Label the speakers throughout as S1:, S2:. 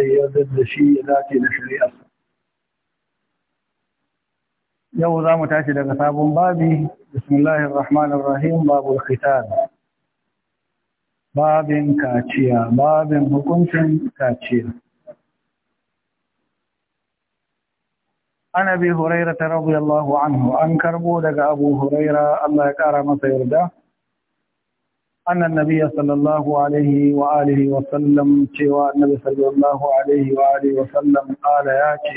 S1: yadda da shi ya dace da shari'arsa yau za mu tashi daga sabon babi bismillahir rahmanir rahim babul babin kaciya babin hukuncin kaciya an abi hurairah radiyallahu anhu an karɓo daga abu hurairah Allah ya ƙara masa yarda annan nabi sallallahu alaihi wa alihi wa sallam cewa annabi sallallahu alaihi wa alihi wa sallam qala ya ce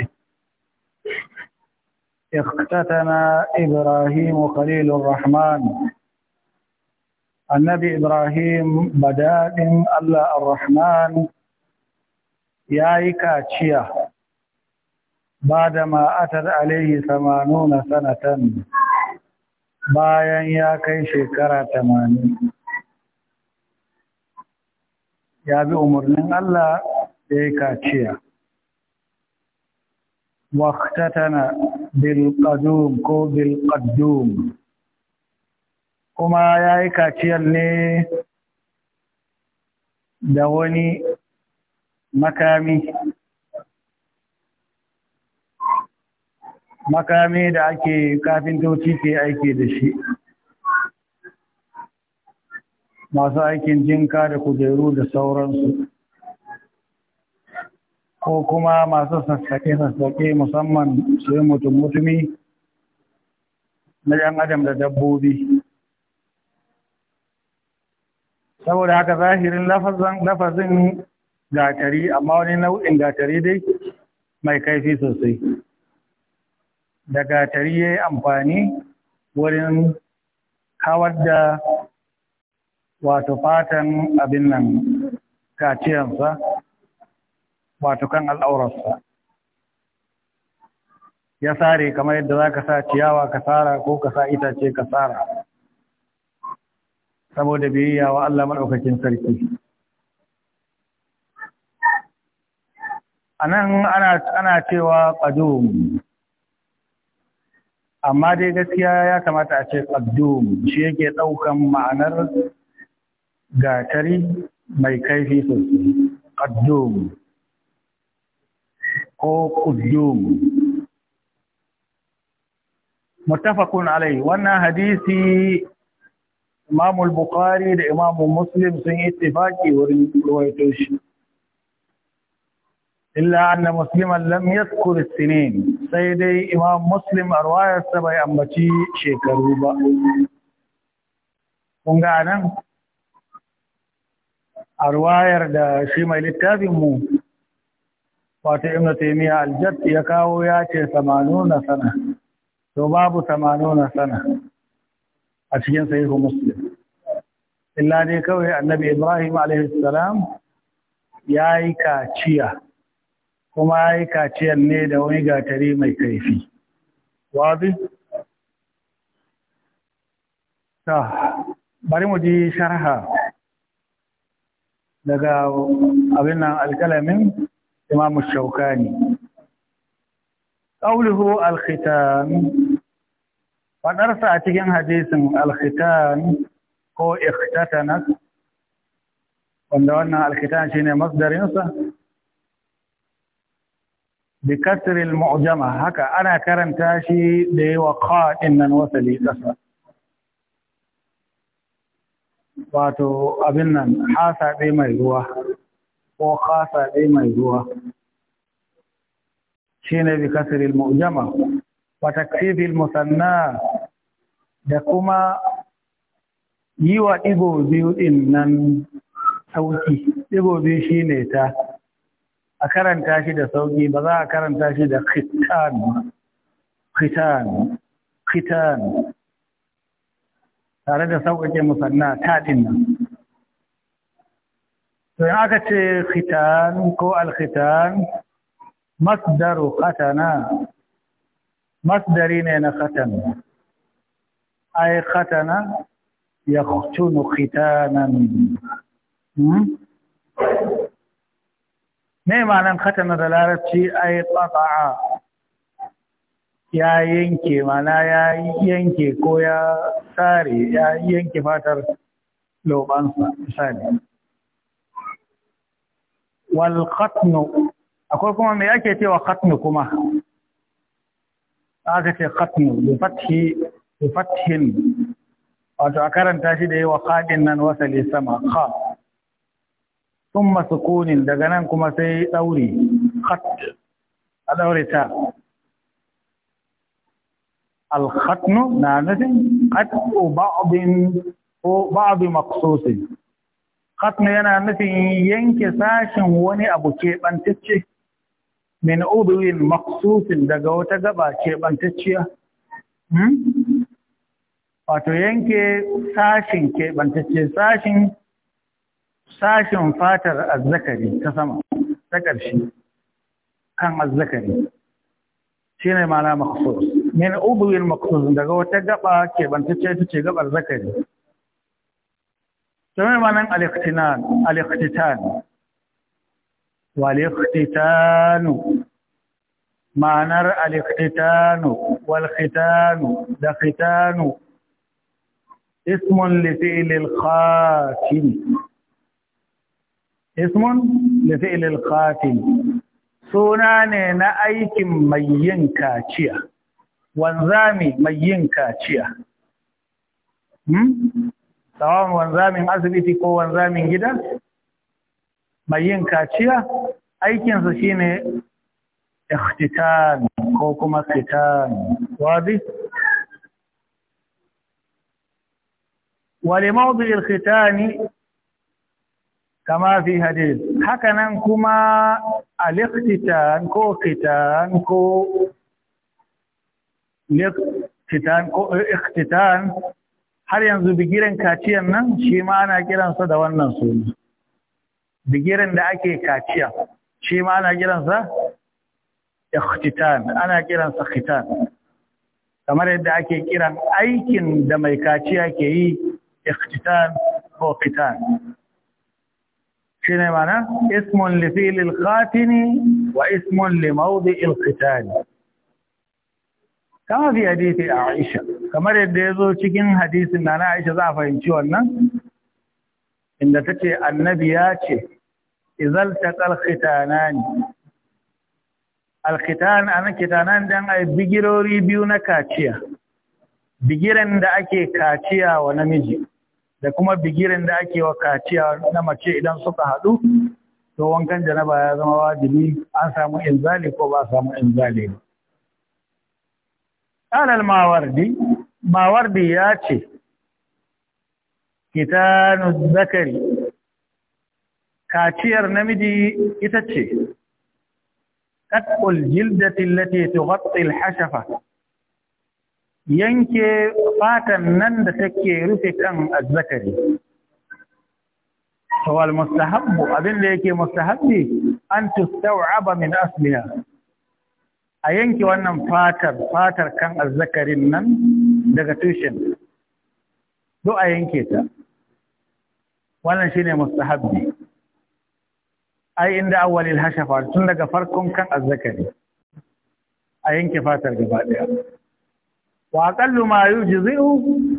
S1: iqtatana ibrahim qalilur rahman annabi ibrahim badadin allah arrahman yayi kaciya بعدما أتت عليه ثمانون سنة Bayan ya kai shekara ثمانين ya bi umarnin Allah da ya kaciya Wakta tana bilkadum ko bilkadum, Kuma ya yi kaciyar ne da wani makami makami da ake kafintoci ke aiki da shi masu aikin jinka da kujeru da sauransu ko kuma masu sassaƙe-sassaƙe musamman sai mutum-mutumi na 'yan adam da dabbobi saboda haka zahirin lafazin gatari amma wani nau'in gatari dai mai kaifi sosai da gatari ya yi amfani wurin kawar da wato fatan abin nan kaciyansa wato kan al'aurarsa ya sare kamar yadda za ka sa ciyawa ka tsara ko ka sa itace ka tsara saboda biyayya wa Allah maɗaukakin sarki a nan ana cewa ƙadum amma dai gaskiya ya kamata a ce ƙadum shi yake ɗaukan ma'anar gatari mai kaifi sosai ƙaddum ko ƙuddum mutafakun alai wannan hadisi imamu bukhari da imamu muslim sun yi ittifaki wurin ruwaito shi illa anna musliman lam yadhkur sinin sai dai imam muslim a ruwayarsa bai ambaci shekaru ba kun ga nan a ruwayar da shi mai littafinmu wato ibn taymiya aljad ya kawo ya ce 80 sana to babu 80 sana a cikin sahihu muslim illa dai kawai annabi ibrahim alaihi salam ya yi kaciya kuma ya yi kaciyar ne da wani gatari mai kaifi wazi ta bari mu ji sharha daga abin nan alkalamin imamu shaukani ƙauluhu alkhitan faɗarsa a cikin hadisin alkhitan ko ikhtatanat wanda wannan alkhitan shine masdarinsa bi kasril mu'jama haka ana karanta shi da yawa qa'in nan wasali kasar wato abin nan hasa ɗai mai ruwa ko hasa ɗai mai ruwa shi ne bi kasiril mu'jama wa taksifil musanna da kuma yi wa ɗigo biyu ɗin nan sauki ɗigo biyu shi ne ta a karanta shi da sauki ba za a karanta shi da kitan khitan khitan tare da sauƙaƙe musanna taɗin nan to yin aka ce khitan ko alkhitan masdaru khatana masdari ne na khatana ai khatana ya khutunu khitanan ne hmm? ma nan khatana da larabci ai ƙaƙa'a ya yanke mana ya yanke ko ya tsare ya yanke fatar lobansa misali wal khatnu akwai kuma me yake cewa khatnu kuma aka ce khatnu bi fathi bi fathin wato a karanta shi da yawa qadin nan wasali sama kha thumma sukunin daga nan kuma sai dauri khat a ta alkhatnu na nufin katsu ba'abin ko ba'abin maksosin yana nufin yanke sashen wani abu kebantacce, min uduwin maksosin daga wata gaba kebantacciya. wato yanke sashen kebantacce, sashen sashen fatar azzakari ta sama ta ƙarshe kan azzakari shi ne mana maksos min ubuwin makon daga wata gaba ke banta ce ta ce gabar zakari to mai manan al-iqtinan al-iqtitan wal iqtitanu ma'anar al-iqtitanu da khitanu ismun li fi'l khatim ismun li fi'l khatim suna ne na aikin mai yin kaciya wanzami mai chia kaciya hmm? tsawon wanzami asibiti ko wanzami gida mai chia aikin aikinsa shine ikhtitan ko kuma khitan wadi wale mawdu'il alkhitan kama fi hadith hakanan kuma alikhtitan ko khitan ko liktitan ko eh, har yanzu bigiren kaciyan nan shi ma ana kiransa da wannan suna bigiren da ake kaciya shi ma ana kiransa ikhtitan ana kiransa khitan kamar yadda ake kiran aikin da mai kaciya ke yi ikhtitan ko khitan shine mana ismun li fi'l khatini wa ismun li mawdi' al-khitani kama fi hadisi a Aisha kamar yadda ya zo cikin hadisin na na Aisha za a fahimci wannan inda ta ce annabi ya ce izal taqal khitanani alkhitan an khitanan dan ai bigirori biyu na kaciya bigiran da ake kaciya wa namiji da kuma bigiran da ake wa kaciya na mace idan suka haɗu to wankan janaba ya zama wajibi an samu inzali ko ba samu inzali ba alal mawardi mawardi ya ce kitanu zakari kaciyar namiji ita ce jildatin lati allati tughatti hashafa yanke fatan nan da take rufe kan azzakari zakari al mustahabbu abin da yake mustahabbi an tustau'aba min asliya a yanke wannan fatar fatar kan azzakarin nan daga tushen do a yanke ta wannan shine mustahabbi ai inda awwalil hashafa tun daga farkon kan azzakari a yanke fatar gaba daya wa aqallu ma yujzi'u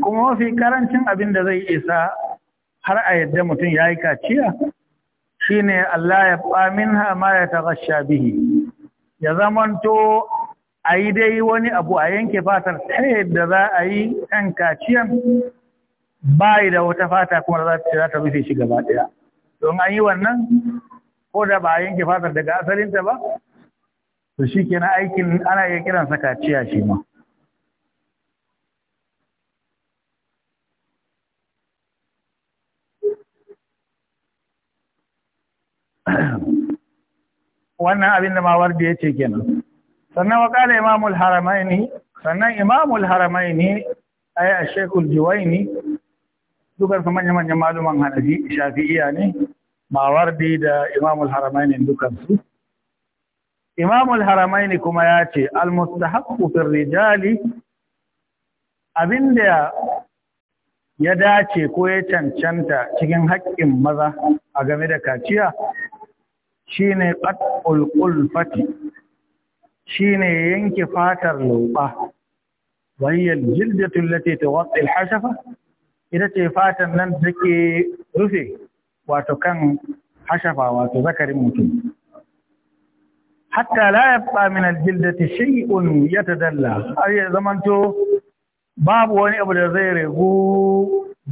S1: kuma mafi karancin abin da zai isa har a yadda mutum yayi kaciya shine Allah ya fa minha ma yataghasha bihi ya zamanto a yi dai wani abu a yanke fatar ta yadda za a yi kan kaciyan bayi da wata fata kuma za ta rufe shi gaba ɗaya don an yi wannan ko da ba a yanke fatar daga asalinta ba to shi kenan aikin ana iya kiransa kaciya shi ma wannan abin da mawar da ya ce kenan sannan wa kala imamul haramaini sannan imamul haramaini ay ashekul juwaini dukar su manya manyan maluman hanafi shafi'iya ne mawar da imamul haramaini dukar su imamul haramaini kuma ya ce al mustahaqqu fir rijali abinda ya dace ko ya cancanta cikin haƙƙin maza a game da kaciya shine qat'ul qulfati shine yanke fatar loba wa jildatu allati tughatti alhashafa ita ce fatan nan take rufe wato kan hashafa wato zakarin mutum hatta la yabqa min aljildati shay'un yatadalla har ya zamanto babu wani abu da zai regu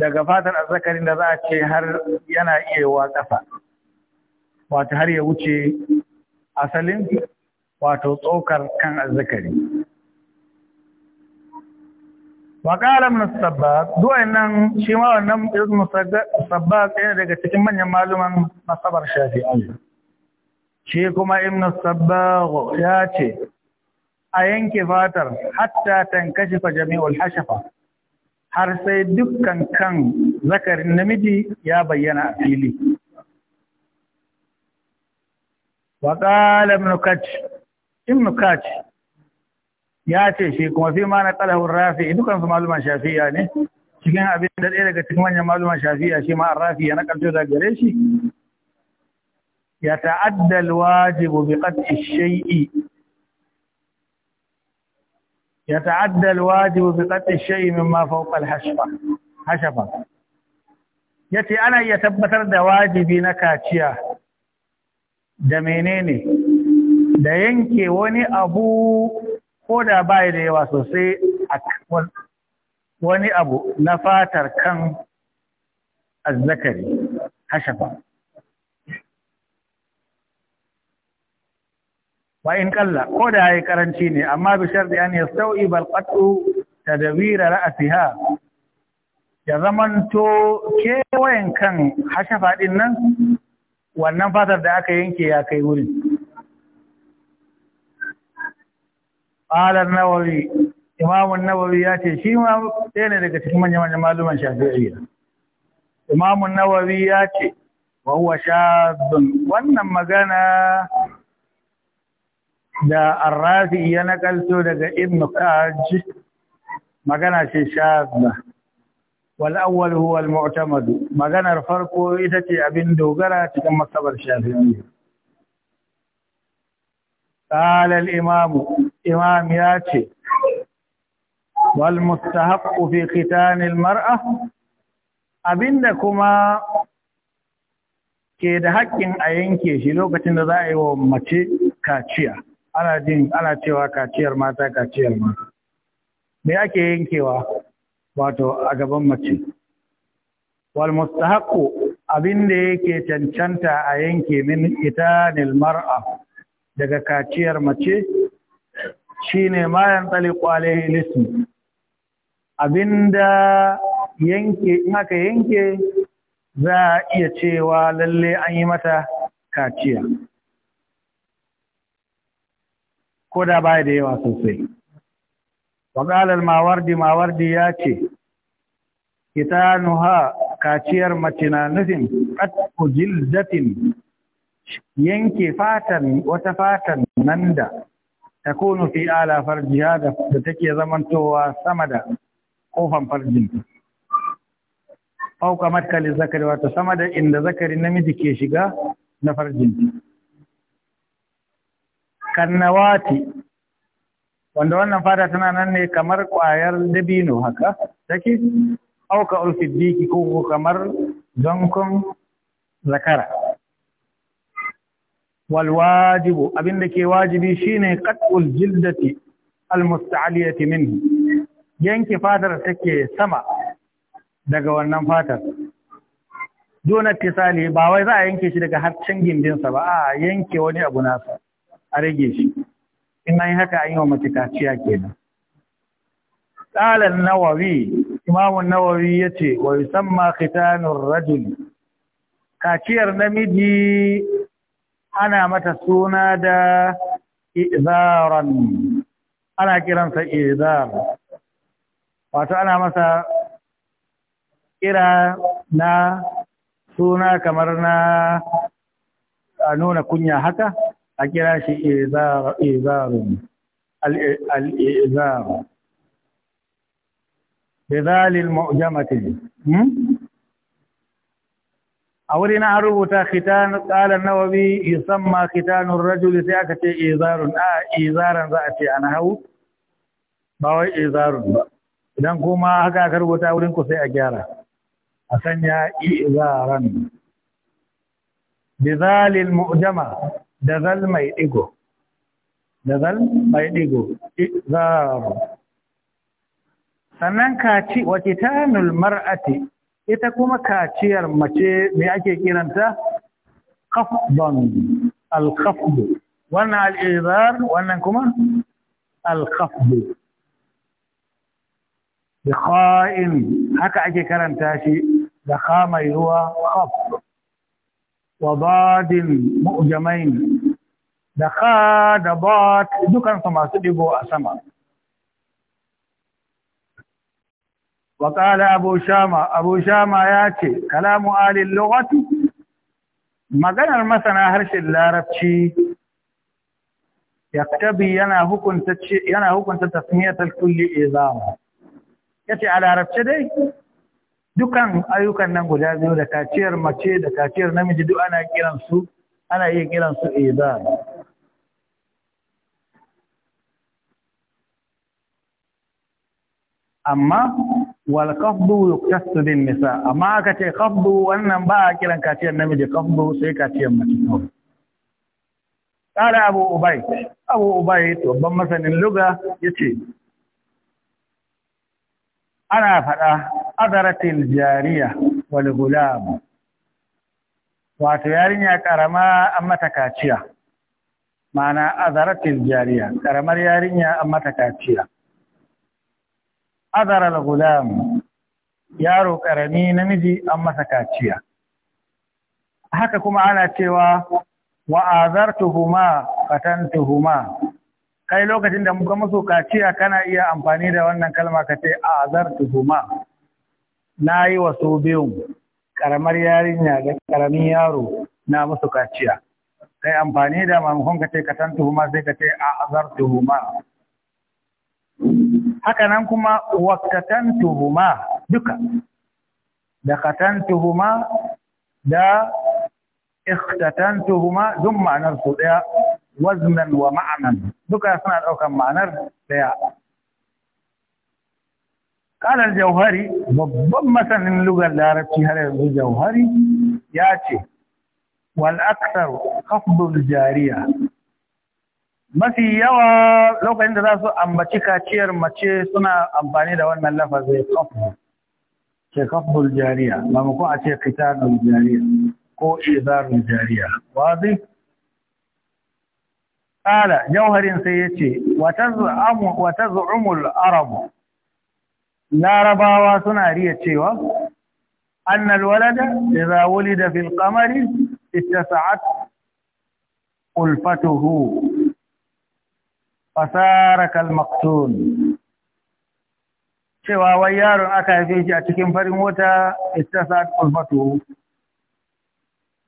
S1: daga fatar azzakarin da za a ce har yana iya wa wato har ya wuce asalin wato tsokar kan azzakari waƙala min sabbaq duwayen nan shi ma wannan ibn sabbaq ɗaya daga cikin manyan maluman masabar shafi'i shi kuma ibn sabbaq ya ce a yanke fatar hatta fa jami'ul hashafa har sai dukkan kan zakarin namiji ya bayyana a fili وقال ابن كتش ابن كتش ياتي فيكم وفيما نقله الرافي دكان في معلومه شافيه يعني شكين ابي دري إيه لك تكمن معلومه شافيه شي ما الرافي انا كنت ذا غريشي يتعدى الواجب بقطع الشيء يتعدى الواجب بقطع الشيء مما فوق الحشفه حشفه ياتي انا يتبتر دواجبي نكاتيا da menene da yanke wani abu ko da bai da yawa sosai a wani abu na fatar kan azzakari hashafa wa in kalla ko da yayi karanci ne amma bi sharri an yastawi bal qatu tadwir ra'siha ya zamanto kewayen kan hashafa din nan wannan fatar da aka yanke ya kai wuri alar nawawi imamun nawawi ya ce shi ma ɗaya ne daga cikin manyan manyan maluman shafi'iyya imamun nawawi ya ce wa huwa shadun wannan magana da arrafi ya nakalto daga ibn kaj magana ce shadda والأول هو المعتمد مغانا الفرق إذا أبن دوغرة تكون مكتب الشافعي قال الإمام إمام ياتي والمستحق في ختان المرأة abinda kuma ke da haƙƙin a yanke shi lokacin da za a yi wa mace kaciya ana cewa kaciyar mata kaciyar mata me ake yankewa wato a gaban mace wal abin abinda yake cancanta a yanke min itanil mar'a daga kaciyar mace shine ma yantaliqu alaihi Abin abinda yanke yanke za a iya cewa lalle an yi mata kaciya ko da baya da yawa sosai Waƙalar mawardi mawardi ya ce, Kitanuha kaciyar mace na nufin ƙatku jildatin yanke fatan wata fatan nan da ta kunu fi ala farjiya da take zamantowa sama da ƙofan farjinta. fauka matkali zakari wato sama da inda zakari namiji ke shiga na farjinta. Kannawati wanda wannan fata tana nan ne kamar ƙwayar dabino haka take auka ulfiddiki ko kamar zankon zakara wal wajibu abinda ke wajibi shine qat'ul jildati al musta'aliyati yanke fatar take sama daga wannan fatar dona tisali ba wai za a yanke shi daga harcin gindinsa ba a yanke wani abu nasa a rage shi in an haka an yi wa mace kaciya kenan qalan nawawi imamu an-nawawi yace wa yusamma khitanur rajul kaciyar namiji ana mata suna da izaran ana sa izar wato ana masa kira na suna kamar na nuna kunya haka a kira shi izarun al'izar da zalil ma'ujamati hmm? a wuri na rubuta khitan tsalar nawabi ma kitanun rajuli sai aka ce izarun a izaran za a ce an hau ba wai izarun ba idan kuma haka aka rubuta wurin ku sai a gyara a sanya izaran bizalil mu'jama dagal mai ɗigo dagal mai ɗigo izaru sannan kaci wa kitanul mar'ati ita kuma kaciyar mace me ake kiranta khafdan al wannan al'izar wannan kuma al da kha'in haka ake karanta shi da kha mai ruwa khafd وضاد Mujamain da ka da ba dukansu masu ɗigo a sama. Wakala Abu Shama, Abu Shama ya ce, Kalamu alin logatu, maganar masana harshen larabci ya tabi yana hukunta tasmiyatar kulli izama. Ya ce, a larabci dai, dukan ayyukan nan guda biyu da kaciyar mace da kaciyar namiji duk ana su ana iya su idan amma wal qafdu yuktasu bin nisa amma aka ce qafdu wannan ba a kiran kaciyar namiji qafdu sai kaciyar mace kawai Abu أبو Abu أبو babban masanin luga ya ce. ana faɗa adaratil jariya wal gulam wato yarinya karama an mata kaciya ma'ana azaratil jariya karamar yarinya an mata kaciya azara gulam yaro karami namiji an mata kaciya haka kuma ana cewa wa azartuhuma fatantuhuma kai lokacin da muka maso kaciya kana iya amfani da wannan kalma ka ce a azar tuhuma na yi wa su biyun karamar yarinya da karamin yaro na musu kaciya kai amfani da mamakon ka ce ka san tuhuma sai ka ce a azar tuhuma haka nan kuma waktatan tuhuma duka da katan tuhuma da ikhtatan tuhuma duk ma'anar su daya waznan wa ma'anan duka suna ɗaukar ma'anar ɗaya kalar jauhari babban masanin lugar larabci har yanzu jauhari ya ce wal aksar khafdul jariya mafi yawa lokacin da za su ambaci kaciyar mace suna amfani da wannan lafazin khafdu ce khafdul jariya maimakon a ce qitanul jariya ko izarul jariya wazi ƙala jauharin sai ya ce wata zu'umul arabu larabawa suna riya cewa annal walada wuli da fil ita sa'ad ulfatuhu fasara kalmaktun cewa wai yaron aka haife shi a cikin farin wuta, ita sa'ad ulfatuhu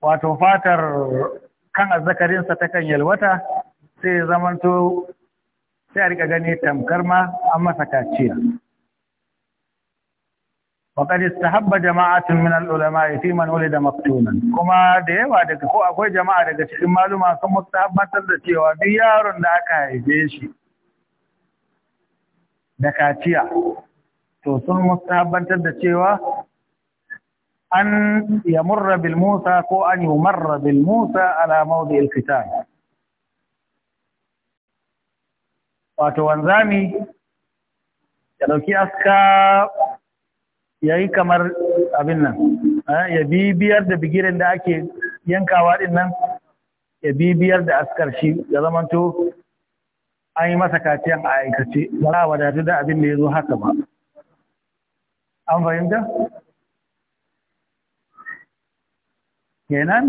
S1: wato fatar kan azzakarinsa ta kan yalwata sai zamanto sai a rika gani tamkar ma an masa kaciya وقد استحب جماعة من العلماء في ya fi man كما da yawa daga ko akwai jama'a daga cikin maluma sun mustahabbatar da cewa duk yaron da aka haife shi da kaciya to sun mustahabbatar da cewa an yamurra bil Musa ko an yumarra bil Musa ala mawdi al wato wanzami ya dauki aska ya yi kamar abin nan eh, ya bibiyar da bigirin da ake yankawa din nan ya bibiyar da askar shi ya zamanto an yi masa kaciyan a aikace ba za a wadatu da abin da ya zo haka ba an fahimta? kenan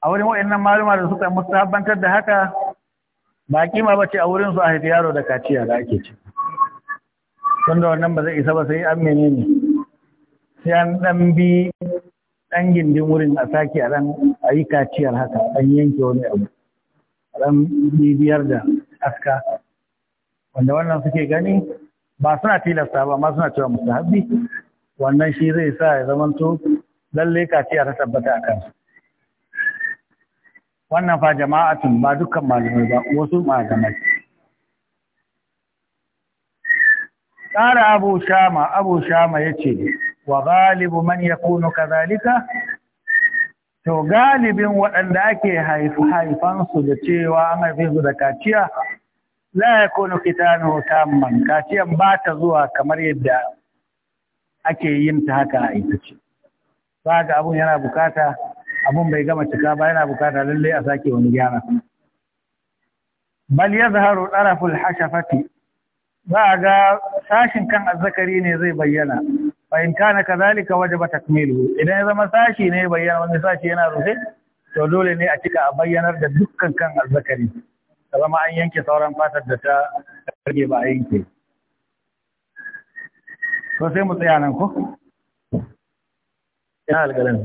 S1: a wurin waɗannan maluma da suka musabbantar da haka ba kima ba ce a wurin su a haifi yaro da kaciya da ake ci tun da wannan ba zai isa ba sai an mene ne sai an dan bi dan gindin wurin a sake a dan a yi kaciyar haka dan yanke wani abu a dan bibiyar da aska wanda wannan suke gani ba suna tilasta ba ma suna cewa habbi wannan shi zai sa ya zamanto lallai kaciya ta tabbata a kansu wannan fa jama'atun ba dukkan malamai ba wasu malamai kara abu shama abu shama ya ce wa galibu man ya kunu kazalika to galibin waɗanda ake haifansu da cewa an haife su da kaciya la ya kunu kitanu tamman kaciyan ba ta zuwa kamar yadda ake yin ta haka a ce ba ga abun yana bukata abun bai gama cika ba yana bukata lallai a sake wani gyara bal yazharu taraful hashafati za a ga sashin kan azzakari ne zai bayyana fa in kana waje wajaba takmiluhu idan ya zama sashi ne bayyana wani sashi yana rufe to dole ne a cika a bayyanar da dukkan kan azzakari ta zama an yanke sauran fatar da ta rage ba a yanke So sai mu tsaya nan ko ina algalan.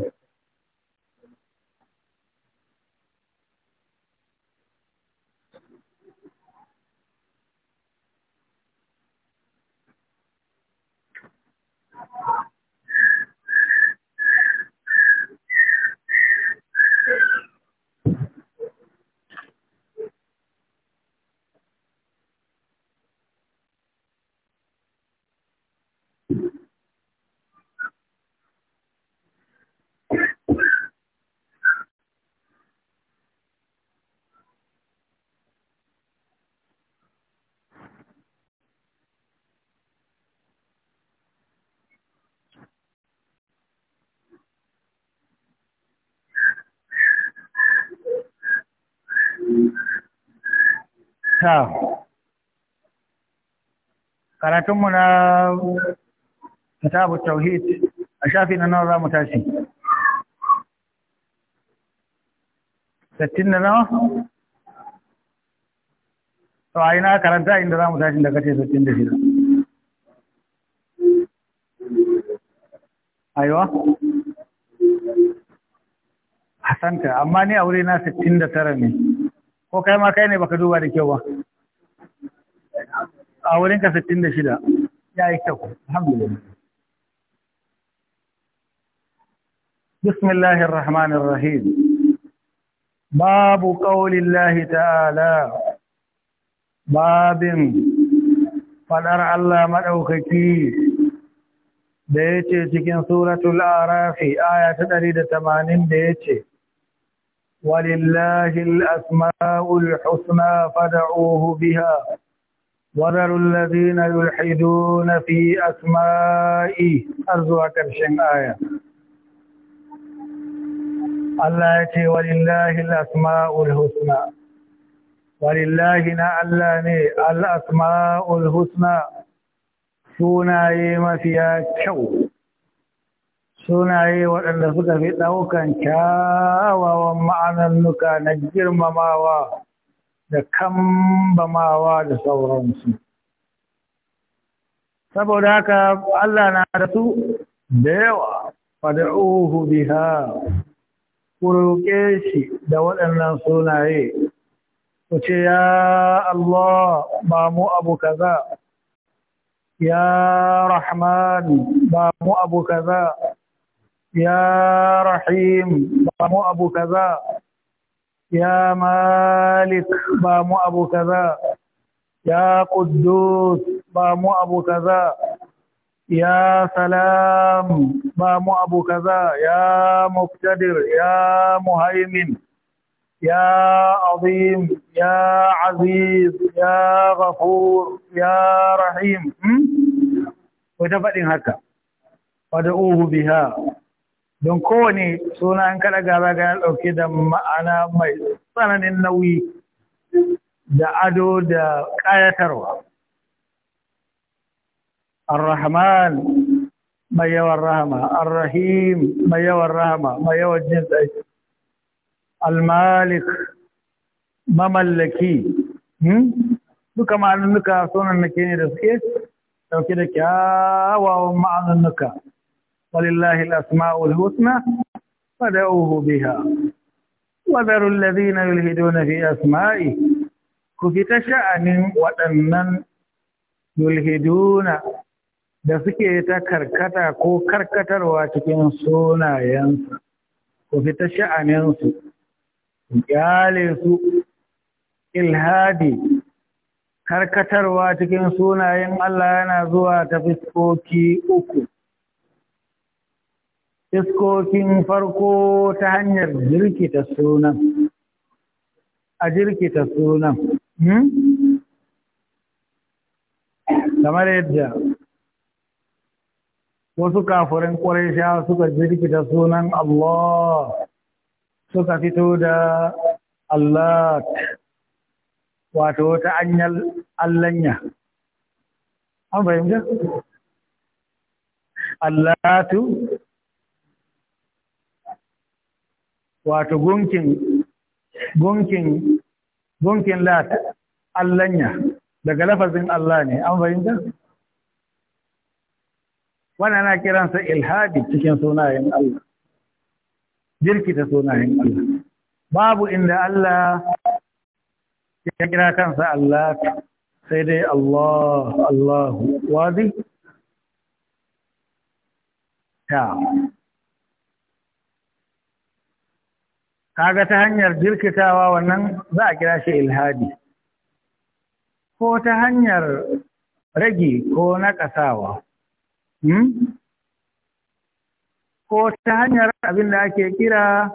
S1: karatunmu na kitabu tauhid a shafi na nawa za mu tashi sittin da nawa to a ina karanta inda za mu tashi da kace sittin da shida aiwa hasanta amma ni a wuri na sittin da tara ne ko kai ma kai ne baka duba da kyau ba a wurin ka 66 ya yi kyau alhamdulillah bismillahir rahmanir rahim babu qaulillahi ta'ala babin fadar Allah madaukaki da yace cikin suratul arafi aya ta 180 da yace ولله asma'ul husna فدعوه biha وذروا الذين يلحدون في أسمائي أرزوا كرشن آية الله يتي ولله الأسماء الحسنى ولله نعلاني الأسماء الحسنى sunaye mafiya kyau sunaye waɗanda suka fi ɗaukan kyawawan ma'anar nuka na girmamawa da kambamawa da sauransu saboda haka Allah na da su da yawa uhu biha ku roƙe shi da waɗannan sunaye ku ce ya Allah ba mu abu kaza ya Rahman ba mu abu kaza ya Rahim ba mu abu kaza يا مالك بامو أبو كذا يا قدوس بامو أبو كذا يا سلام بامو أبو كذا يا مقتدر يا مهيمن يا عظيم يا عزيز يا غفور يا رحيم وتفقد هكا ودعوه بها don kowane suna an kada gaba ga ɗauke da ma'ana mai tsananin nauyi da ado da ƙayatarwa ar-rahman mai yawan rahama ar-rahim mai yawan rahama mai yawan jin tsaye al-malik mamallaki hmm? duka ma'anunnuka sunan nake ne da suke ɗauke da kyawawan ma'anunnuka ولله الأسماء الحسنى فدعوه بها وذروا الذين يلهدون في أسمائه كفت شأن وأنن يلهدون da suke ta karkata ko karkatarwa cikin sunayensa ko fita sha'aninsu kyale su ilhadi karkatarwa cikin sunayen Allah yana zuwa ta fiskoki uku iskokin farko ta hanyar jirkita sunan a jirkita sunan hmm? kamar yadda wasu kafurin ƙwarisha suka jirkita sunan Allah suka fito da Allah wato ta anyar allanya an fahimta? Allatu wato gunkin gunkin gunkin lat allanya daga lafazin Allah ne an fahimta wannan ana kiransa ilhadi cikin sunayen Allah jirkita sunayen Allah babu inda Allah ya kira kansa Allah sai dai Allah Allahu wazi ta kaga ta hanyar jirkitawa wannan za a kira shi ilhadi ko ta hanyar rage ko hmm? ko ta hanyar abin da ake kira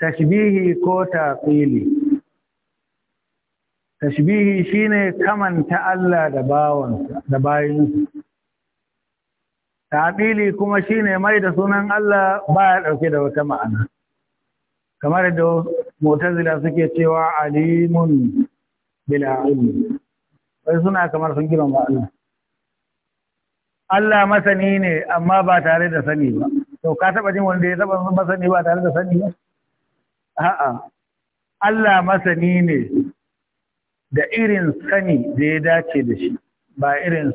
S1: tashbihi ko taqili tashbihi shine kamanta Allah da bawansa da bayinsa taqili kuma shine mai da sunan Allah ba ya dauke da wata ma'ana kamar da mutazila suke cewa alimun bila wai suna kamar sun girma Allah Allah masani ne amma ba tare da sani ba to ka taba jin wanda ya taba masani ba tare da sani ba a'a Allah masani ne da irin sani da ya dace da shi ba irin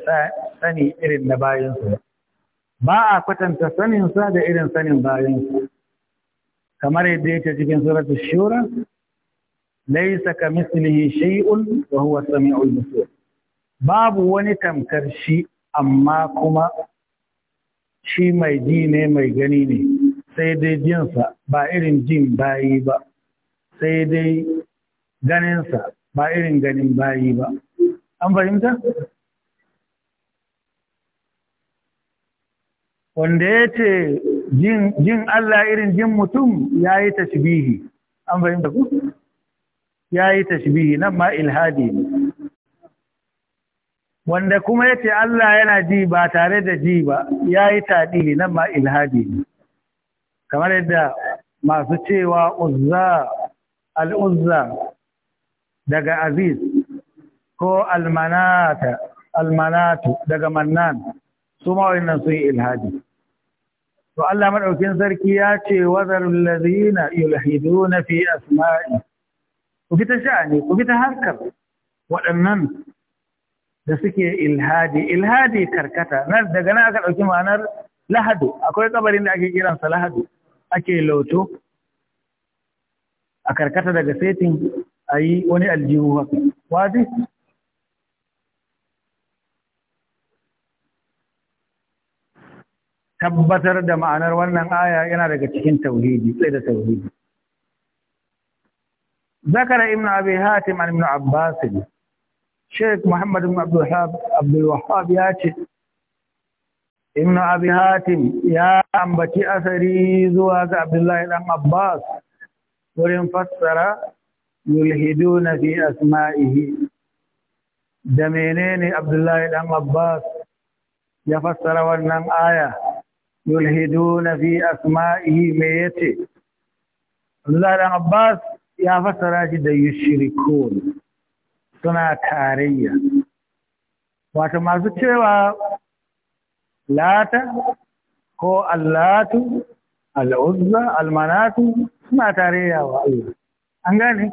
S1: sani irin na bayansa ba a kwatanta saninsa da irin sanin bayansa kamar yadda yake cikin suratul shura laysa kamithlihi shay'un wa huwa samiul basir babu wani tamkar shi amma kuma shi mai ji ne mai gani ne sai dai jinsa ba irin jin bayi ba sai dai ganinsa ba irin ganin bayi ba an fahimta wanda ya ce jin Allah irin jin mutum ya yi tashbihi an fahimta ku ya tashbihi nan ma ilhadi wanda kuma yace Allah yana ji ba tare da ji ba ya yi nan ma ilhadi kamar yadda masu cewa uzza al-uzza daga aziz ko al almanatu daga mannan su ma wannan sun ilhadi to Allah madaukin sarki ya ce wazarul ladina yulhiduna fi asma'i ku fita sha'ani ku fita harkar waɗannan da suke ilhadi ilhadi karkata nan daga nan aka ɗauki ma'anar lahadu akwai kabarin da ake kiransa lahadu ake lauto a karkata daga setin ayi wani aljihu haka wazi tabbatar da ma'anar wannan aya yana daga cikin tauhidi sai da tauhidi ذكر ابن أبي هاتم عن ابن عباس شيخ محمد بن عبد الوهاب عبد الوهاب ياتي ابن أبي هاتم يا أنبتي أثري زواج عبد الله بن عباس ولم فسر يلحدون في أسمائه دمينين عبد الله بن عباس يفسر ونن آية yulhiduna fi asma'ihi me yace Abdullah Abbas ya fassara shi da yushrikun suna tarayya wato masu cewa lata ko allatu al'uzza almanatu suna tarayya wa Allah an gane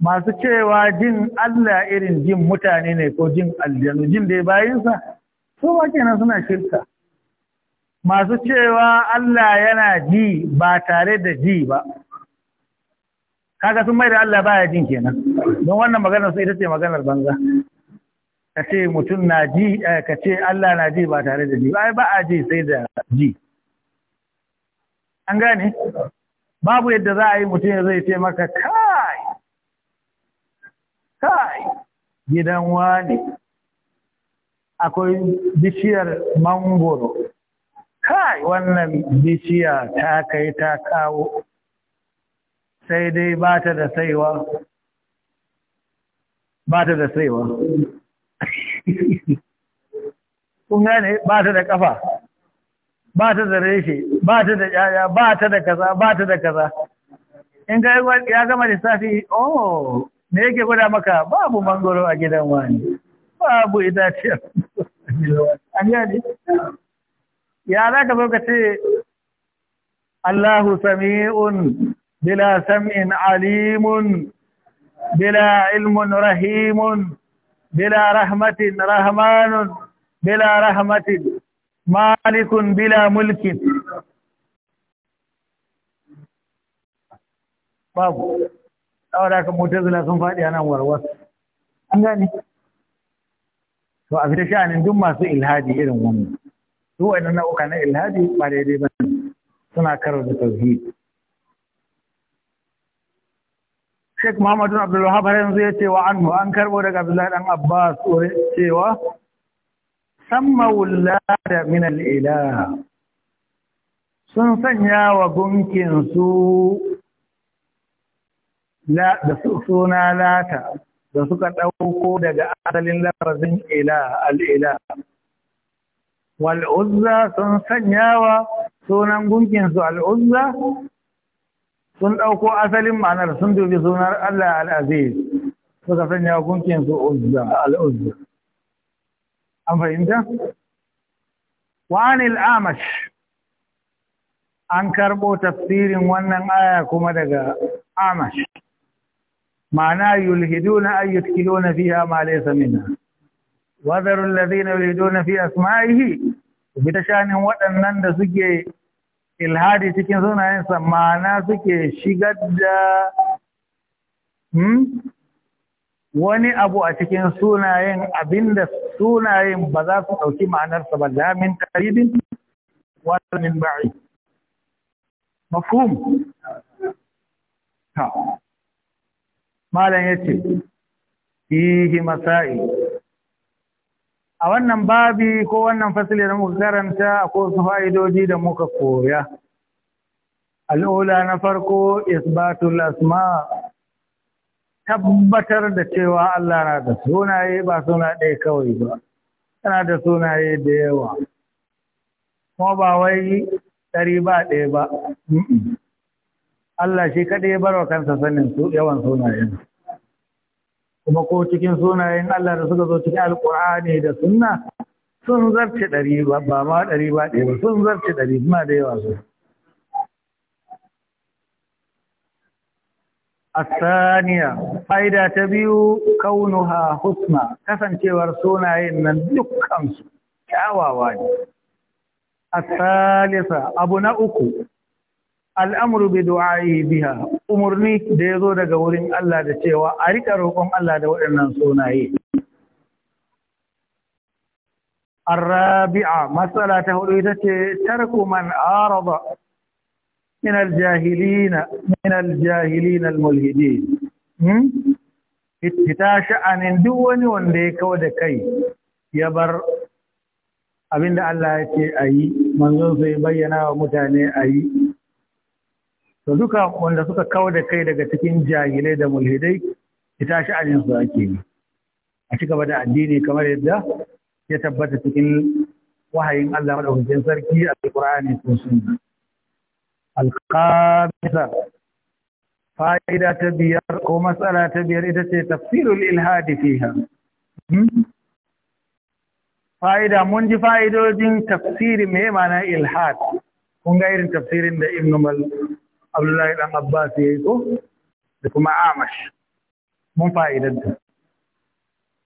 S1: masu cewa jin Allah irin jin mutane ne ko jin aljanu jin dai bayinsa su ba kenan suna shirka masu cewa Allah yana ji ba tare da ji ba kaga sun mai da Allah baya jin kenan don wannan maganar su ita ce maganar banza ka ce mutum na ji eh, ka ce Allah na ji ba tare da ji ba ba a ji sai da ji an gane babu yadda za a yi mutum zai ce maka kai kai gidan wani akwai bishiyar mangoro kai wannan bishiya ta kai ta kawo sai dai ba ta da saiwa ba ta da saiwa kun gane ba ta da kafa ba ta da reshe ba ta da yaya ba ta da kaza ba ta da kaza in ga ya gama lissafi oh me yake gwada maka babu mangoro a gidan wani babu itaciyar an gane يا ذاك بوك الله سميع بلا سمع عليم بلا علم رحيم بلا رحمة رحمن بلا رحمة مالك بلا ملك بابو أو ذاك موتز لكم فادي أنا وروس أنا تو أفتشان إن دم ما سئل هذه إلهم Duwaina wa'annan nau'uka na ilhadi ba daidai ba suna karar da tauhid Sheikh Muhammadu bin Abdul yanzu ya ce wa mu an karbo daga Abdullahi dan Abbas cewa samma wulada min al-ilah sun sanya wa gunkin su da suna lata da suka ɗauko daga asalin lafazin ila al wal'uzza sun sanyawa sunan gunkinsu al'uzza sun ɗauko asalin ma'anar sun dubi sunar Allah al'aziz suka sanya gunkinsu al'uzza an fahimta? wa'anil amash an karɓo tafsirin wannan aya kuma daga amash ma'ana yulhiduna ayyutkiluna na ma laysa minha wazarun lazina yuriduna fi asma'ihi bi ta shanin waɗannan da suke ilhadi cikin sunayen samana suke shigar da wani abu a cikin sunayen abinda sunayen ba za su ɗauki ma'anarsa ba da min karibin wata min ba'i mafhum malam ya ce fihi masa'i a wannan babi ko wannan fasili da muka karanta akwai wasu fa'idodi da muka koya al'ula na farko isbatul asma tabbatar da cewa Allah na da sunaye ba suna ɗaya kawai ba yana da sunaye da yawa kuma ba wai ɗari ba ɗaya ba Allah shi kaɗai barwa kansa sanin yawan sunayen kuma ko cikin sunayen Allah da suka zo cikin Alƙur'ani da sunna sun zarce ɗari ba ba ma ɗari ba ɗaya ba sun zarce ɗari ma da yawa su. Asaniya, fa’ida ta biyu kaunuha husna kasancewar sunayen nan dukkansu kyawawa ne. Asalisa, abu na uku, al’amuru bi du'ayi biha umarni da ya zo daga wurin Allah da cewa a riƙa roƙon Allah da waɗannan sunaye. Arrabi'a, matsala ta hudu ita ce, tarku man araba min aljahilina, min aljahilina hmm? sha'anin duk wani wanda ya kawo da kai ya bar abinda Allah ya ce a yi, manzon sai bayyana wa mutane a yi. to duka wanda suka kawo da kai daga cikin jahilai da mulhidai ita sha'anin su ake yi a ci gaba da addini kamar yadda ya tabbata cikin wahayin Allah madaukakin sarki a Alƙur'ani ko sunna alqabisa fa'ida ta biyar ko matsala ta biyar ita ce tafsirul ilhadi fiha hmm? fa'ida mun ji fa'idojin tafsiri mai mana ilhad kun ga irin tafsirin da ibn mal abdullahi dan abbas ya yi ko da kuma amash mun fa'idanta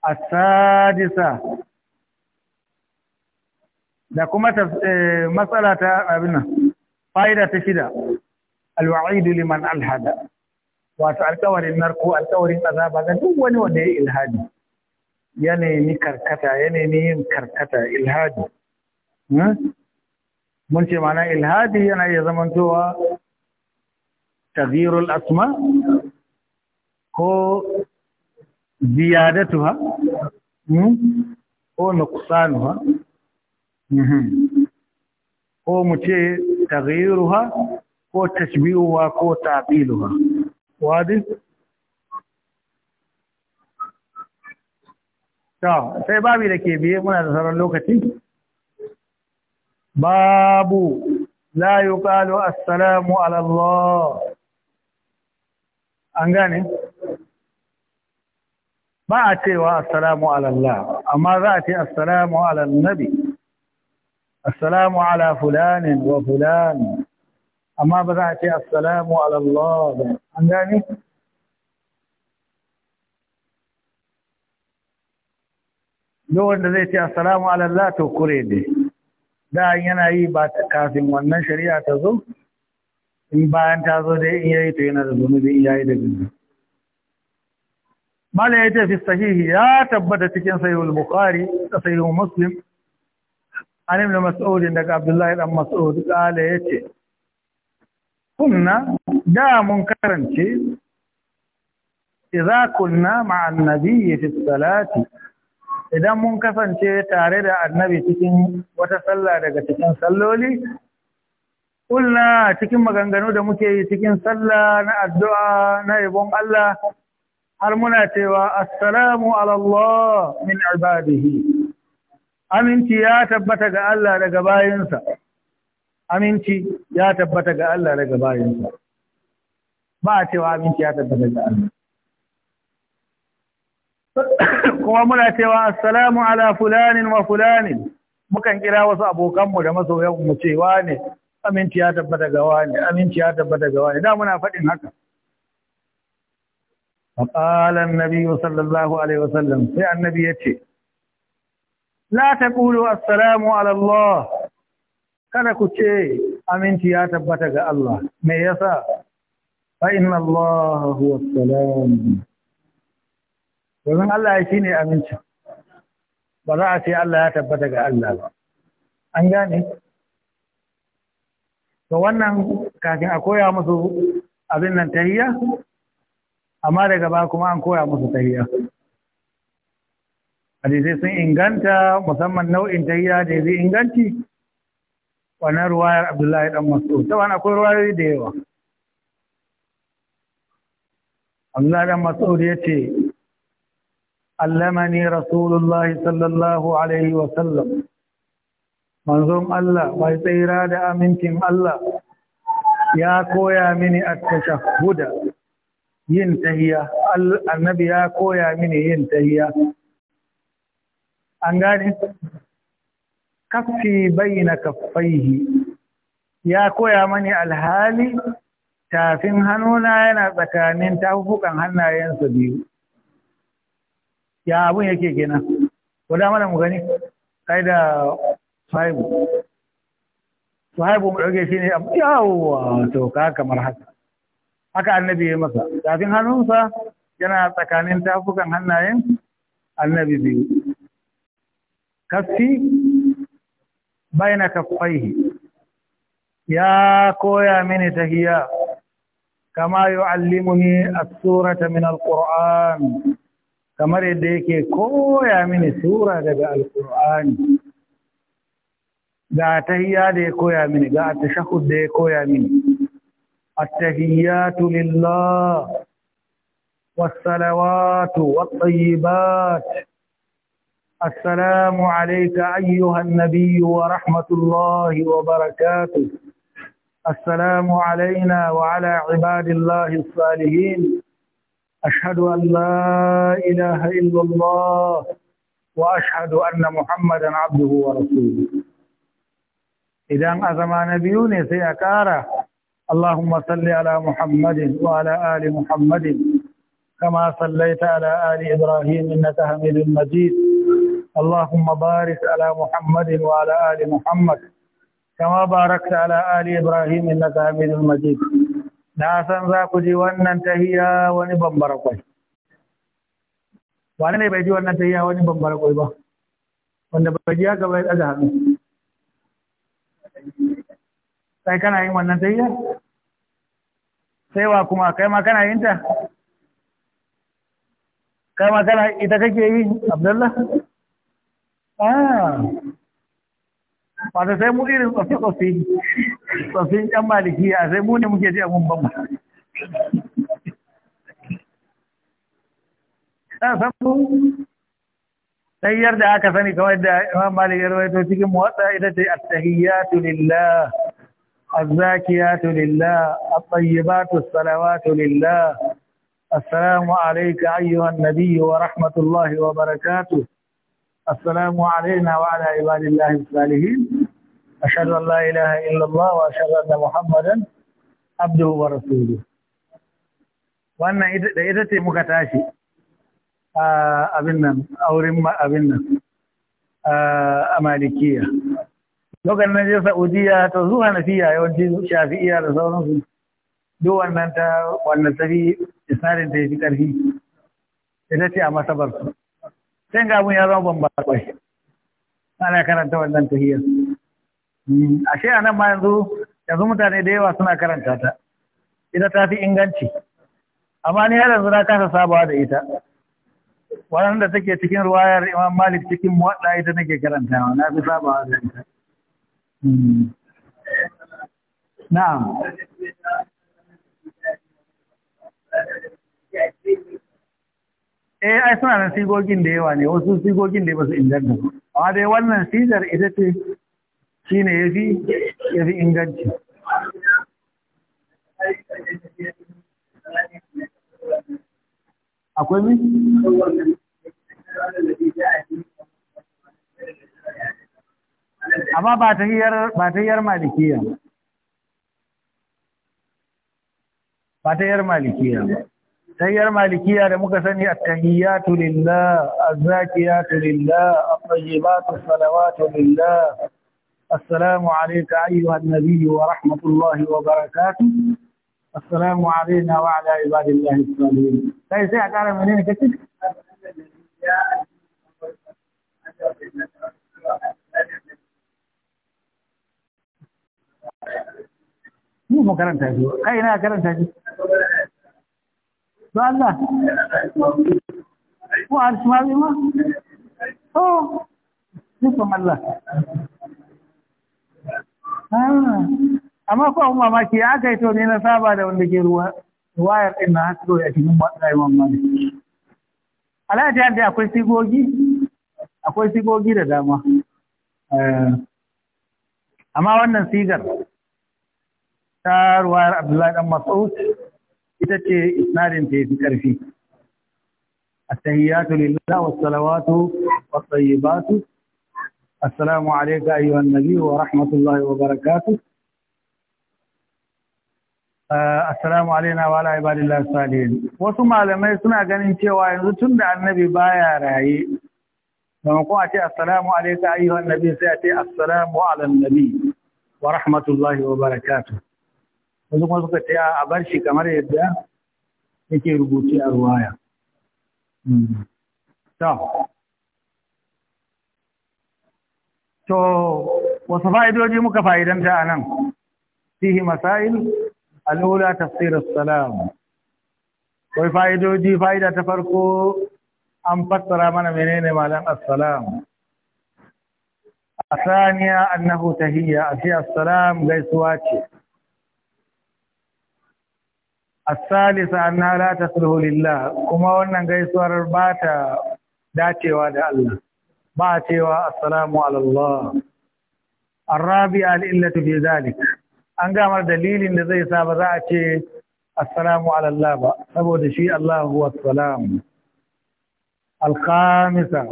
S1: a sadisa da kuma eh, matsala ta abin nan fa'ida ta shida alwa'idu liman alhada wato alkawarin narko alkawarin azaba ga duk wani wanda ya yi ilhadi ya karkata ya yin karkata ilhadi hmm? mun ce mana ilhadi yana iya zamantowa تغيير الأسماء هو زيادتها هو نقصانها هو متي تغييرها هو تشبيهها هو تعطيلها واضح تو طيب، سي طيب، بابي لك بيه من هذا الوقت باب لا يقال السلام على الله an gane ba a cewa assalamu alallah amma za a ce assalamu alannabi assalamu ala fulanin wa fulani amma ba za a ce assalamu alallah ba an gane duk wanda zai ce assalamu alallah to kure ne da yana yi ba kafin wannan shari'a ta zo in bayan ta zo dai in yayi to yana da zunubi in yayi da zunubi mala ya ce fi sahihi ya tabbata cikin sahihul bukhari da sahihul muslim an ibn mas'ud daga abdullahi dan mas'ud kala yace kunna da mun karance idza kunna ma'a an-nabiyyi fi salati idan mun kasance tare da annabi cikin wata sallah daga cikin salloli kulna cikin maganganu da muke yi cikin sallah na addu'a na yabon Allah har muna cewa assalamu ala Allah min ibadihi aminci ya tabbata ga Allah daga bayinsa aminci ya tabbata ga Allah daga bayinsa ba a cewa aminci ya tabbata ga Allah kuma muna cewa assalamu ala fulanin wa fulanin mukan kira wasu abokanmu da masoyanmu cewa ne aminci ya tabbata ga wani aminci ya tabbata ga wani da muna faɗin haka faƙalan nabi sallallahu alaihi wasallam sai annabi ya ce la ta ƙulu assalamu alallah kada ku ce aminci ya tabbata ga Allah me yasa fa inna Allah huwa salam domin Allah shi ne amincin. ba za a ce Allah ya tabbata ga Allah ba an gane to wannan kafin a koya musu abin nan tahiyya amma daga ba kuma an koya musu tahiyya hadisai sun inganta musamman nau'in tahiyya da zai inganci wannan ruwayar abdullahi dan mas'ud wani akwai ruwayoyi da yawa abdullahi dan mas'ud ya ce allamani rasulullahi sallallahu alaihi wa sallam manzon Allah mai tsira da amincin Allah ya koya mini at-tashahhuda yin tahiya annabi ya koya mini yin tahiya an gane kaffi baina kaffaihi ya koya mani alhali tafin hannuna yana tsakanin tafukan hannayensa biyu ya abun yake kenan ko da mana mu gani kai da suhaibu suhaibu mu ɗauke shi ne yawwa to ka kamar haka haka annabi ya masa tafin hannunsa yana tsakanin tafukan hannayen annabi biyu kafi baina kaffaihi ya koya mini tahiya kama yu'allimuni as-surata min al-qur'an kamar yadda yake koya mini sura daga al-qur'ani ga tahiyya da مني koya mini ga at-tashahhud da ya والصلوات والطيبات السلام عليك أيها النبي ورحمة الله وبركاته السلام علينا وعلى عباد الله الصالحين أشهد أن لا إله إلا الله وأشهد أن محمدا عبده ورسوله idan azama na biyu ne sai a ƙara Allahumma salli ala Muhammadin wa ala ali Muhammadin kama sallaita ala ali Ibrahim innaka hamidun Majid Allahumma barik ala Muhammadin wa ala ali Muhammad kama barakta ala ali Ibrahim innaka hamidun Majid na san za ku ji wannan tahiya wani bambara kwai wani ne bai ji wannan tahiya wani bambara kwai ba wanda bai ji haka bai ɗaga hannu sai kana yin wannan tahiya sai wa kuma kai ma kana yin ta kai ma kana ita kake yi abdullah ah ba sai mu irin tsofi tsofi tsofin yan A sai mu ne muke ji abun ban ba tayyar da aka sani kamar da Imam Malik ya rawaito cikin muwatta ita ce at-tahiyyatu lillah az-zakiyatu lillah at-tayyibatu as-salawatu lillah assalamu alayka ayyuhan nabiy wa rahmatullahi wa barakatuh السلام علينا وعلى عباد الله الصالحين أشهد أن لا إله إلا الله وأشهد أن محمدا عبده ورسوله wannan da ita ce muka tashi abin nan auren abin nan a malikiya lokacin na je saudiya to zuwa nafiya yawanci shafi'iya da sauransu duk wannan ta wannan tafi isnadin ta yi karfi ita ce a masabar su sai ga abun ya zama ban bakwai ana karanta wannan tahiyar hmm, ashe a nan ma yanzu yanzu mutane da yawa suna karanta ta ita ta fi inganci amma ni har yanzu na kasa sabawa da ita waɗanda take cikin ruwayar imam malik cikin muwaɗa ita nake karantawa na fi saba da ita hmm. na'am eh ai suna nan sigogin da yawa ne wasu sigogin da ba su inganta amma dai wannan sigar ita ce shi ne ya fi inganci أقول من؟ أما باتغير باتغير مالكية باتغير مالكية تغير مالكية التهيات لله الزاكيات لله الطيبات الصلوات لله السلام عليك أيها النبي ورحمة الله وبركاته السلام علينا وعلى عباد الله الصالحين Kai sai a ƙara mene ne kaci mu mu karanta shi kai na karanta shi To Allah ko arshi ma ma to nufin Allah ah, amma ko mamaki ya aka yi to ne na saba da wanda ke ruwa Wayar ɗin na haka kawai a cikin rayuwar mali ala ta yadda akwai sigogi akwai sigogi da dama eh, amma wannan sigar ta ruwayar abdullahi Ɗan mas'ud ita ce isnadin ta yafi wasu, التهيات لله والصلوات والطيبات السلام عليك أيها النبي ورحمة الله وبركاته Ah, assalamu alaina wa ala ibadillahi salihin wasu malamai suna ganin cewa yanzu tun da annabi baya raye maimakon a ce assalamu alaika ayyuhan annabi sai a ce assalamu ala annabi wa rahmatullahi wa barakatuh wasu kuma suka ce a bar shi kamar yadda yake rubuce a ruwaya hmm. to wasu fa'idoji muka fa'idanta a nan fihi masail al'ula tafsir salam wai fa'idoji fa'ida ta farko an fassara mana menene malam assalam asaniya annahu tahiyya ashe assalam gaisuwa ce asalisa annaha la tasluhu lillah kuma wannan gaisuwar bata dacewa da Allah ba cewa assalamu ala Allah الرابعة الإلة في ذلك an gamar dalilin da zai sa ba za a ce assalamu alallah ba saboda shi Allah huwa salam alkhamisa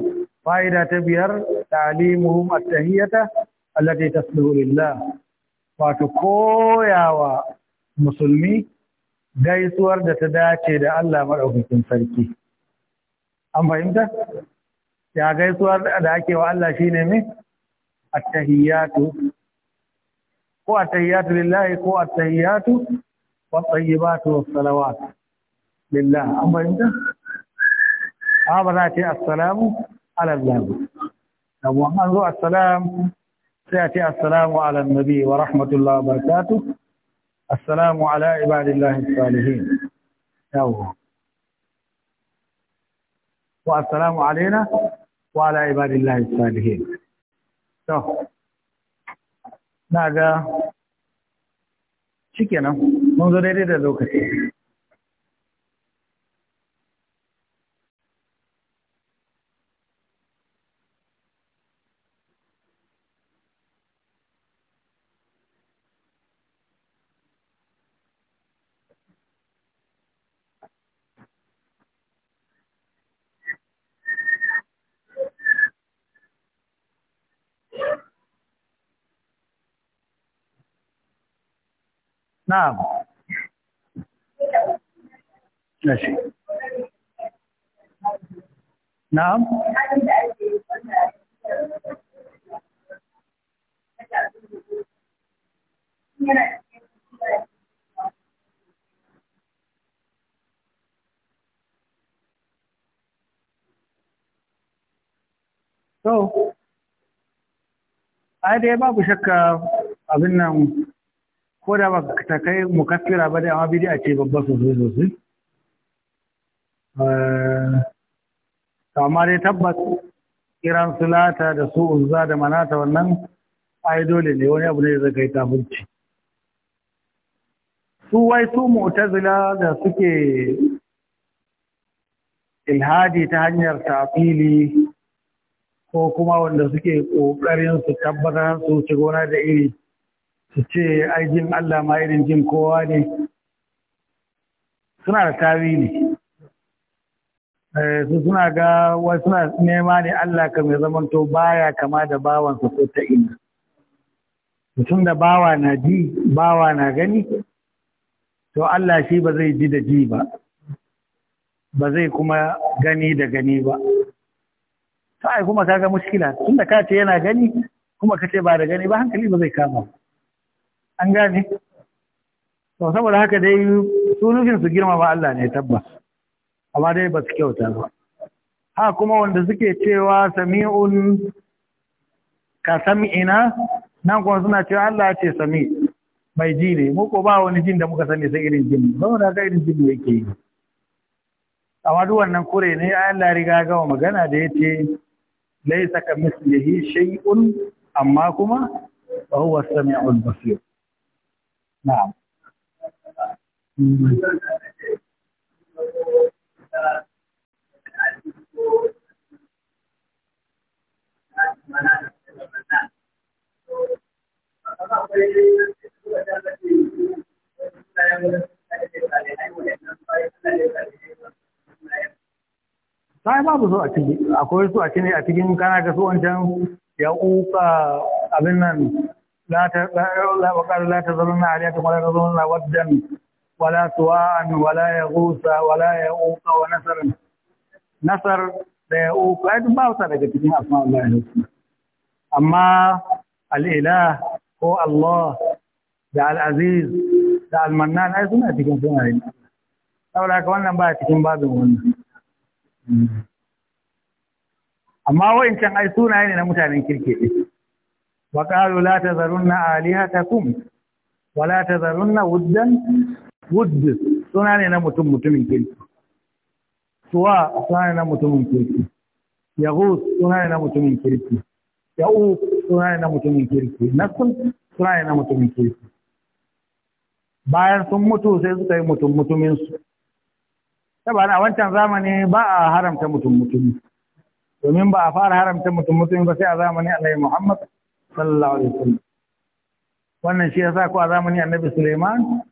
S1: fa'ida ta biyar ta'limuhum at-tahiyata allati tasbihu lillah wato koyawa musulmi gaisuwar da ta dace da Allah madaukakin sarki. An fahimta? Ya gaisuwar da ake wa Allah shi ne mai? Attahiyatu هو التهيات لله هو التهيات والطيبات والصلوات لله أما أنت أبداتي آه، السلام على الله أبو محمد السلام سيأتي السلام على النبي ورحمة الله وبركاته السلام على عباد الله الصالحين يا والسلام علينا وعلى عباد الله الصالحين na ga shi kenan mun zo daidai da lokaci na'am So, ai dai babu shakka abin nan ko da ba ta kai mukaffira ba dai amma a ce babba sosai sosai eh, amma dai tabbas kiran sulata da su uzza da manata wannan ai dole ne wani abu ne zai kai bunci. su wai su mu'tazila da suke ilhadi ta hanyar tafili ko kuma wanda suke ƙoƙarin su tabbatar su ci gona da iri su ce ai jin Allah ma irin jin kowa ne suna da tawili eh, su suna ga wasu suna nema ne Allah ka mai zamanto baya kama da bawansa ko ta ina mutum da bawa na ji bawa na gani to Allah shi ba zai ji da ji ba ba zai kuma gani da gani ba ta ai kuma kaga mushkila tunda ka ce yana gani kuma ka ce ba da gani ba hankali ba zai kama ba an gane to saboda haka dai su nufin su girmama Allah ne tabbas amma dai ba su kyauta ba ha kuma wanda suke cewa sami'un ka sami'ina nan kuma suna cewa Allah ce sami mai ji ne mu ba wani jin da muka sani sai irin jin saboda haka irin jin yake yi amma duk wannan kure ne Allah riga gawa magana da yace laysa ka mislihi shay'un amma kuma wa huwa as-sami'ul basir نعم Sai babu su a ciki, akwai su a a cikin kana ga su wancan ya uka abin nan لا ت... لا لا وقال لا تظلمن عليكم ولا تظلمن ودا ولا سواء ولا يغوث ولا يؤوق ونسر نصر لا يؤوق هذا ما وصل اسماء الله الحسنى اما الاله هو الله دع العزيز دع المنان ايضا ما تكون في مهين لو لا كون لم باتكين بعض من اما هو ان كان اي سونا هين نموت عن الكركي wa qalu la tazarunna alihatakum wa la tazarunna wuddan wudd suna ne na mutum mutumin kirki suwa suna ne na mutumin kirki yaghus suna ne na mutumin kirki ya'u suna ne na mutumin kirki suna ne na mutumin kirki bayan sun mutu sai suka yi mutum mutumin su saboda a wancan zamani ba a haramta mutum mutumi domin ba a fara haramta mutum mutumi ba sai a zamanin Annabi Muhammad sallallahu alaihi wasallam wannan shi yasa ko a zamani annabi Suleiman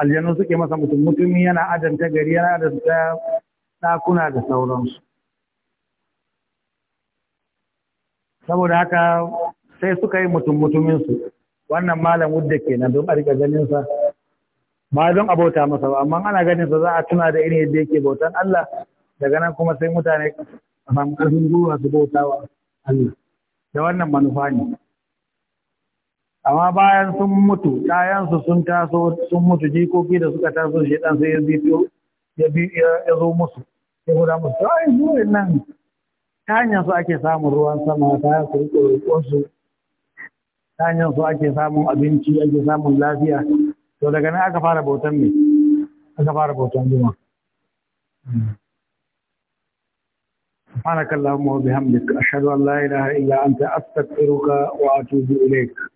S1: aljanu suke masa mutum mutumi yana adanta gari yana adanta dakuna da sauransu saboda haka sai suka yi mutum mutuminsu wannan malam wudda kenan don a rika ganinsa ba don abota masa ba amma ana ganinsa za a tuna da irin yadda yake bautan Allah daga nan kuma sai mutane a samu ƙarfin gwiwa su bautawa Allah da wannan manufa ne amma bayan sun mutu ɗayansu sun taso sun mutu jikoki da suka taso shi ɗan sai ya biyo ya zo musu ya guda musu ai zuwa nan ta hanyar su ake samun ruwan sama ta hanyar su riƙo su ta hanyar su ake samun abinci ake samun lafiya to daga nan aka fara bautan ne aka fara bautan juma سبحانك اللهم وبحمدك أشهد أن لا إله إلا أنت أستغفرك وأتوب إليك